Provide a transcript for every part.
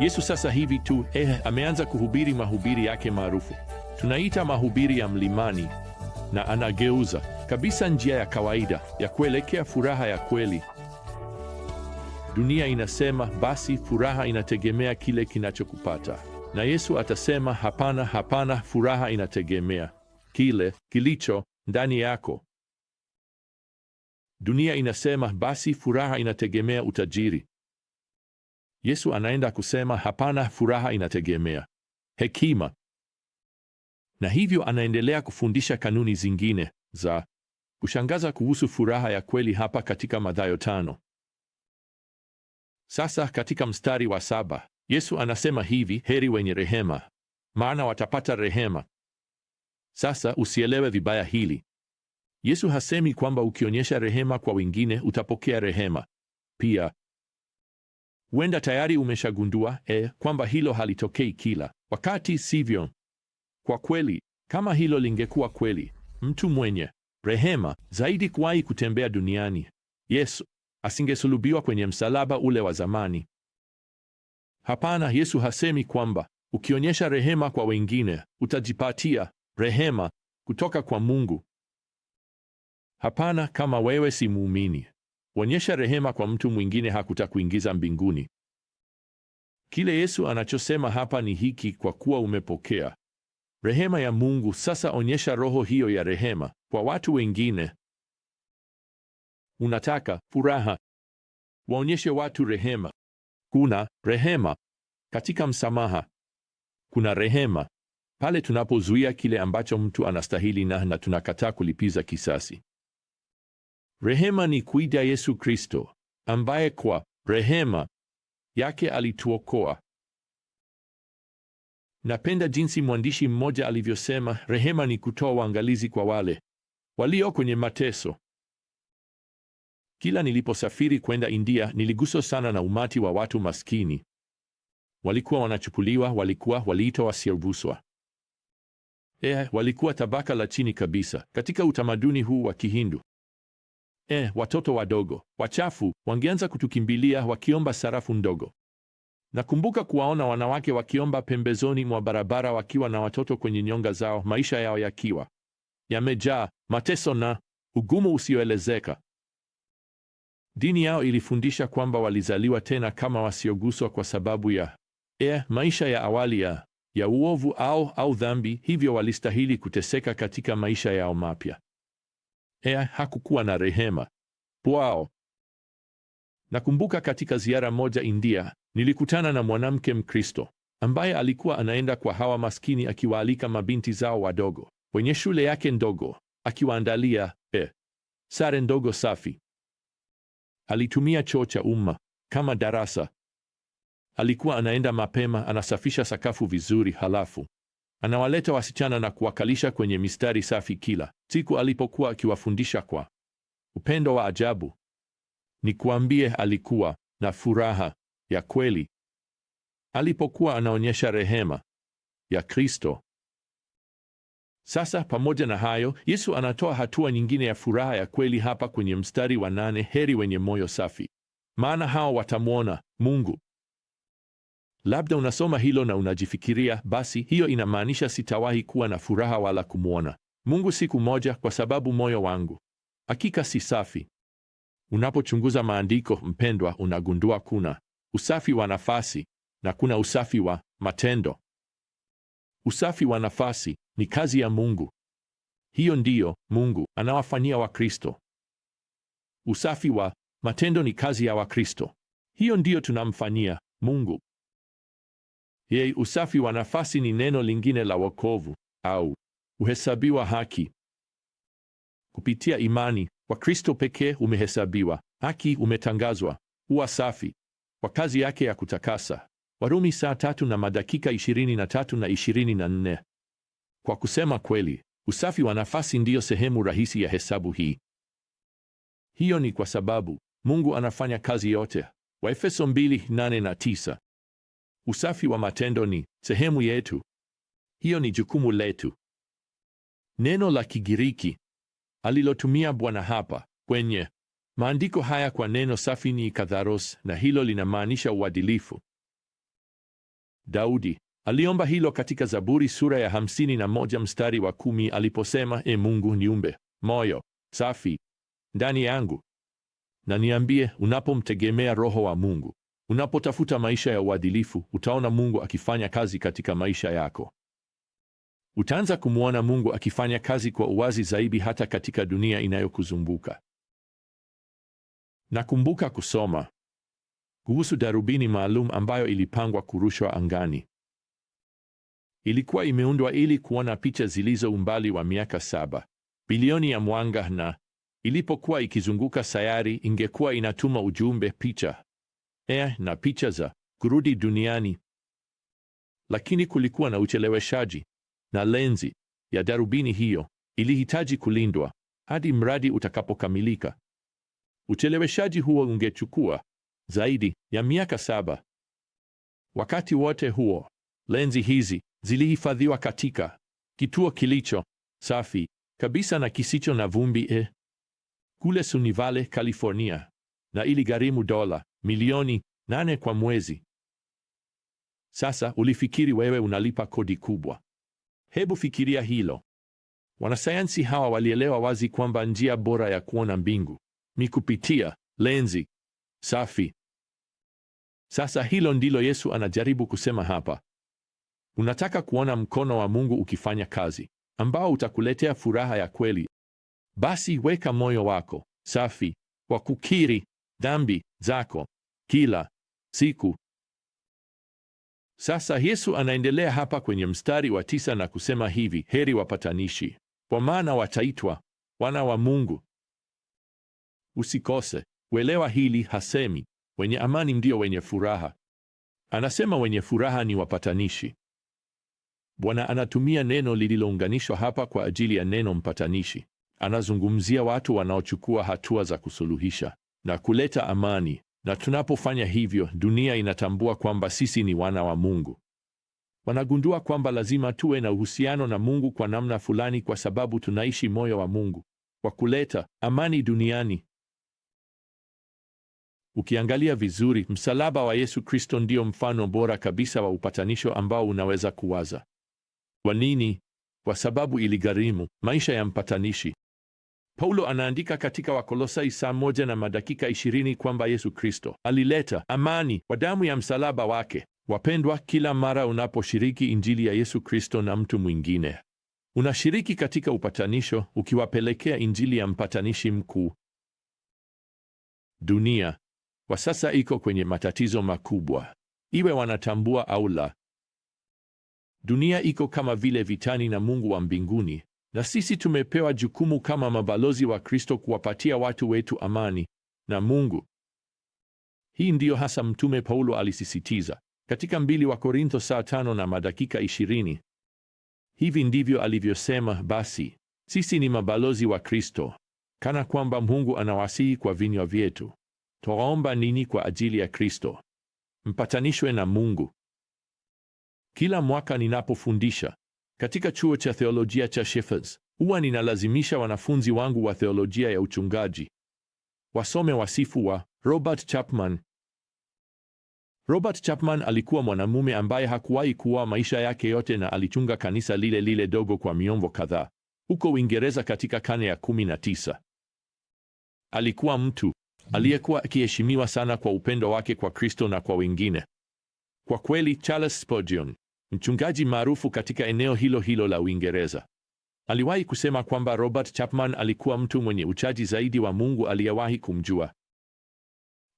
Yesu sasa hivi tu eh, ameanza kuhubiri mahubiri yake maarufu tunaita mahubiri ya mlimani, na anageuza kabisa njia ya kawaida ya kuelekea furaha ya kweli. Dunia inasema basi furaha inategemea kile kinachokupata, na Yesu atasema hapana, hapana, furaha inategemea kile kilicho ndani yako. Dunia inasema basi furaha inategemea utajiri, Yesu anaenda kusema hapana, furaha inategemea hekima. Na hivyo anaendelea kufundisha kanuni zingine za kushangaza kuhusu furaha ya kweli hapa katika Mathayo tano. Sasa katika mstari wa saba Yesu anasema hivi, heri wenye rehema, maana watapata rehema. Sasa usielewe vibaya hili. Yesu hasemi kwamba ukionyesha rehema kwa wengine utapokea rehema pia. Huenda tayari umeshagundua eh, kwamba hilo halitokei kila wakati, sivyo? Kwa kweli, kama hilo lingekuwa kweli, mtu mwenye rehema zaidi kuwahi kutembea duniani, Yesu asingesulubiwa kwenye msalaba ule wa zamani. Hapana, Yesu hasemi kwamba ukionyesha rehema kwa wengine utajipatia rehema kutoka kwa Mungu. Hapana, kama wewe si muumini Kuonyesha rehema kwa mtu mwingine hakutakuingiza mbinguni. Kile Yesu anachosema hapa ni hiki: kwa kuwa umepokea rehema ya Mungu, sasa onyesha roho hiyo ya rehema kwa watu wengine. Unataka furaha, waonyeshe watu rehema. Kuna rehema katika msamaha. Kuna rehema pale tunapozuia kile ambacho mtu anastahili na na tunakataa kulipiza kisasi. Rehema ni kuita Yesu Kristo ambaye kwa rehema yake alituokoa. Napenda jinsi mwandishi mmoja alivyosema, rehema ni kutoa uangalizi kwa wale walio kwenye mateso. Kila niliposafiri kwenda India, niliguswa sana na umati wa watu maskini. Walikuwa wanachukuliwa, walikuwa waliitwa wasiobuswa. Eh, walikuwa tabaka la chini kabisa katika utamaduni huu wa Kihindu. E, watoto wadogo wachafu wangeanza kutukimbilia wakiomba sarafu ndogo. Nakumbuka kuwaona wanawake wakiomba pembezoni mwa barabara wakiwa na watoto kwenye nyonga zao, maisha yao yakiwa yamejaa mateso na ugumu usioelezeka. Dini yao ilifundisha kwamba walizaliwa tena kama wasioguswa kwa sababu ya e, maisha ya awali ya ya uovu au au dhambi, hivyo walistahili kuteseka katika maisha yao mapya. E hakukuwa na rehema kwao. Nakumbuka katika ziara moja India, nilikutana na mwanamke Mkristo ambaye alikuwa anaenda kwa hawa maskini akiwaalika mabinti zao wadogo kwenye shule yake ndogo, akiwaandalia eh, sare ndogo safi. Alitumia choo cha umma kama darasa. Alikuwa anaenda mapema, anasafisha sakafu vizuri, halafu Anawaleta wasichana na kuwakalisha kwenye mistari safi kila siku alipokuwa akiwafundisha kwa upendo wa ajabu. Nikuambie, alikuwa na furaha ya kweli alipokuwa anaonyesha rehema ya Kristo. Sasa pamoja na hayo, Yesu anatoa hatua nyingine ya furaha ya kweli hapa kwenye mstari wa nane: heri wenye moyo safi, maana hao watamwona Mungu. Labda unasoma hilo na unajifikiria, basi hiyo inamaanisha sitawahi kuwa na furaha wala kumwona Mungu siku moja, kwa sababu moyo wangu hakika si safi. Unapochunguza maandiko, mpendwa, unagundua kuna usafi wa nafasi na kuna usafi wa matendo. Usafi wa nafasi ni kazi ya Mungu. Hiyo ndiyo Mungu anawafanyia Wakristo. Usafi wa matendo ni kazi ya Wakristo. Hiyo ndiyo tunamfanyia Mungu. Ye, usafi wa nafasi ni neno lingine la wokovu au uhesabiwa haki kupitia imani. Kwa Kristo pekee umehesabiwa haki, umetangazwa uwa safi kwa kazi yake ya kutakasa. Warumi saa tatu na madakika ishirini na tatu na ishirini na nne. Kwa kusema kweli, usafi wa nafasi ndiyo sehemu rahisi ya hesabu hii. Hiyo ni kwa sababu Mungu anafanya kazi yote. Waefeso mbili nane na tisa. Usafi wa matendo ni sehemu yetu, hiyo ni jukumu letu. Neno la Kigiriki alilotumia Bwana hapa kwenye maandiko haya kwa neno safi ni katharos, na hilo linamaanisha uadilifu. Daudi aliomba hilo katika Zaburi sura ya hamsini na moja mstari wa kumi aliposema, E Mungu, niumbe moyo safi ndani yangu, na niambie unapomtegemea Roho wa Mungu. Unapotafuta maisha ya uadilifu, utaona Mungu akifanya kazi katika maisha yako. Utaanza kumwona Mungu akifanya kazi kwa uwazi zaidi hata katika dunia inayokuzunguka. Nakumbuka kusoma kuhusu darubini maalum ambayo ilipangwa kurushwa angani. Ilikuwa imeundwa ili kuona picha zilizo umbali wa miaka saba bilioni ya mwanga, na ilipokuwa ikizunguka sayari ingekuwa inatuma ujumbe, picha eh, na picha za kurudi duniani. Lakini kulikuwa na ucheleweshaji, na lenzi ya darubini hiyo ilihitaji kulindwa hadi mradi utakapokamilika. Ucheleweshaji huo ungechukua zaidi ya miaka saba. Wakati wote huo, lenzi hizi zilihifadhiwa katika kituo kilicho safi kabisa na kisicho na vumbi e, kule Sunnyvale, California, na iligharimu dola milioni nane kwa mwezi. Sasa ulifikiri wewe unalipa kodi kubwa. Hebu fikiria hilo. Wanasayansi hawa walielewa wazi kwamba njia bora ya kuona mbingu ni kupitia lenzi safi. Sasa hilo ndilo Yesu anajaribu kusema hapa. Unataka kuona mkono wa Mungu ukifanya kazi ambao utakuletea furaha ya kweli? Basi weka moyo wako safi kwa kukiri dhambi zako kila siku. Sasa Yesu anaendelea hapa kwenye mstari wa tisa na kusema hivi, heri wapatanishi, kwa maana wataitwa wana wa Mungu. Usikose kuelewa hili. Hasemi wenye amani ndio wenye furaha, anasema wenye furaha ni wapatanishi. Bwana anatumia neno lililounganishwa hapa kwa ajili ya neno mpatanishi. Anazungumzia watu wanaochukua hatua za kusuluhisha na kuleta amani, na tunapofanya hivyo, dunia inatambua kwamba sisi ni wana wa Mungu. Wanagundua kwamba lazima tuwe na uhusiano na Mungu kwa namna fulani, kwa sababu tunaishi moyo wa Mungu kwa kuleta amani duniani. Ukiangalia vizuri, msalaba wa Yesu Kristo ndio mfano bora kabisa wa upatanisho ambao unaweza kuwaza. Kwa nini? Kwa sababu iligharimu maisha ya mpatanishi. Paulo anaandika katika Wakolosai saa moja na madakika ishirini kwamba Yesu Kristo alileta amani kwa damu ya msalaba wake. Wapendwa, kila mara unaposhiriki injili ya Yesu Kristo na mtu mwingine, unashiriki katika upatanisho, ukiwapelekea injili ya mpatanishi mkuu. Dunia kwa sasa iko kwenye matatizo makubwa, iwe wanatambua au la. Dunia iko kama vile vitani na Mungu wa mbinguni na sisi tumepewa jukumu kama mabalozi wa Kristo kuwapatia watu wetu amani na Mungu. Hii ndiyo hasa Mtume Paulo alisisitiza katika mbili wa Korintho saa tano na madakika ishirini. Hivi ndivyo alivyosema: basi sisi ni mabalozi wa Kristo, kana kwamba Mungu anawasihi kwa vinywa vyetu. Twawaomba nini kwa ajili ya Kristo, Mpatanishwe na Mungu. Kila mwaka ninapofundisha katika chuo cha theolojia cha Shepherds huwa ninalazimisha wanafunzi wangu wa theolojia ya uchungaji wasome wasifu wa Robert Chapman. Robert Chapman alikuwa mwanamume ambaye hakuwahi kuoa maisha yake yote na alichunga kanisa lile lile dogo kwa miongo kadhaa huko Uingereza katika karne ya 19. Alikuwa mtu aliyekuwa akiheshimiwa sana kwa upendo wake kwa Kristo na kwa wengine. Kwa kweli, Charles Spurgeon mchungaji maarufu katika eneo hilo hilo la Uingereza, aliwahi kusema kwamba Robert Chapman alikuwa mtu mwenye uchaji zaidi wa Mungu aliyewahi kumjua.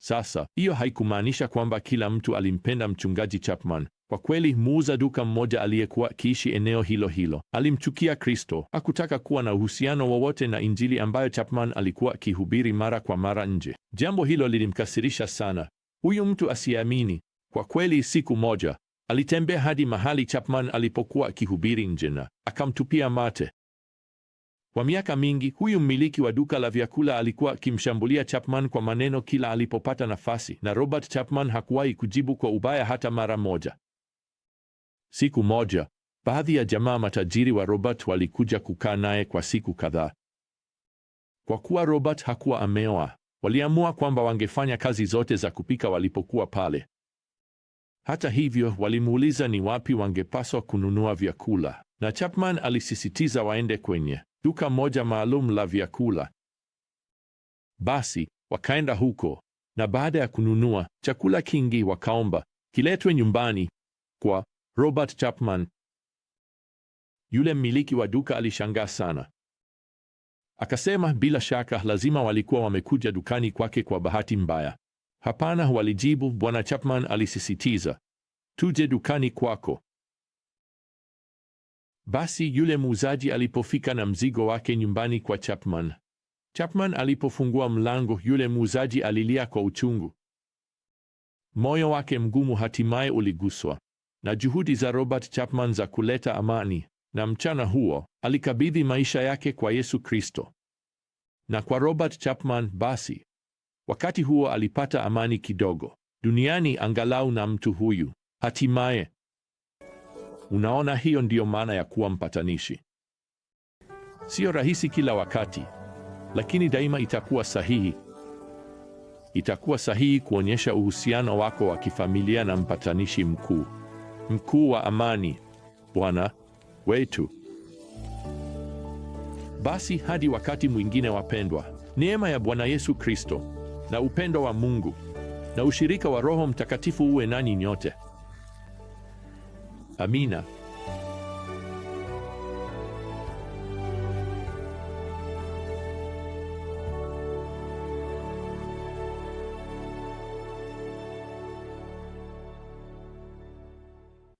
Sasa hiyo haikumaanisha kwamba kila mtu alimpenda mchungaji Chapman. Kwa kweli, muuza duka mmoja aliyekuwa akiishi eneo hilo hilo alimchukia Kristo, hakutaka kuwa na uhusiano wowote na injili ambayo Chapman alikuwa akihubiri mara kwa mara nje. Jambo hilo lilimkasirisha sana huyu mtu asiamini. Kwa kweli, siku moja Alitembea hadi mahali Chapman alipokuwa akihubiri nje na akamtupia mate. Kwa miaka mingi, huyu mmiliki wa duka la vyakula alikuwa akimshambulia Chapman kwa maneno kila alipopata nafasi, na Robert Chapman hakuwahi kujibu kwa ubaya hata mara moja. Siku moja, baadhi ya jamaa matajiri wa Robert walikuja kukaa naye kwa siku kadhaa. Kwa kuwa Robert hakuwa ameoa, waliamua kwamba wangefanya kazi zote za kupika walipokuwa pale. Hata hivyo, walimuuliza ni wapi wangepaswa kununua vyakula, na Chapman alisisitiza waende kwenye duka moja maalum la vyakula. Basi wakaenda huko, na baada ya kununua chakula kingi, wakaomba kiletwe nyumbani kwa Robert Chapman. Yule mmiliki wa duka alishangaa sana, akasema bila shaka lazima walikuwa wamekuja dukani kwake kwa bahati mbaya. Hapana, walijibu. Bwana Chapman alisisitiza, tuje dukani kwako. Basi yule muuzaji alipofika na mzigo wake nyumbani kwa Chapman, Chapman alipofungua mlango, yule muuzaji alilia kwa uchungu. Moyo wake mgumu hatimaye uliguswa na juhudi za Robert Chapman za kuleta amani, na mchana huo alikabidhi maisha yake kwa Yesu Kristo. Na kwa Robert Chapman basi Wakati huo alipata amani kidogo duniani angalau na mtu huyu hatimaye. Unaona, hiyo ndiyo maana ya kuwa mpatanishi. Sio rahisi kila wakati, lakini daima itakuwa sahihi. Itakuwa sahihi kuonyesha uhusiano wako wa kifamilia na mpatanishi mkuu, mkuu wa amani, Bwana wetu. Basi hadi wakati mwingine, wapendwa, neema ya Bwana Yesu Kristo na upendo wa Mungu na ushirika wa Roho Mtakatifu uwe nani nyote. Amina.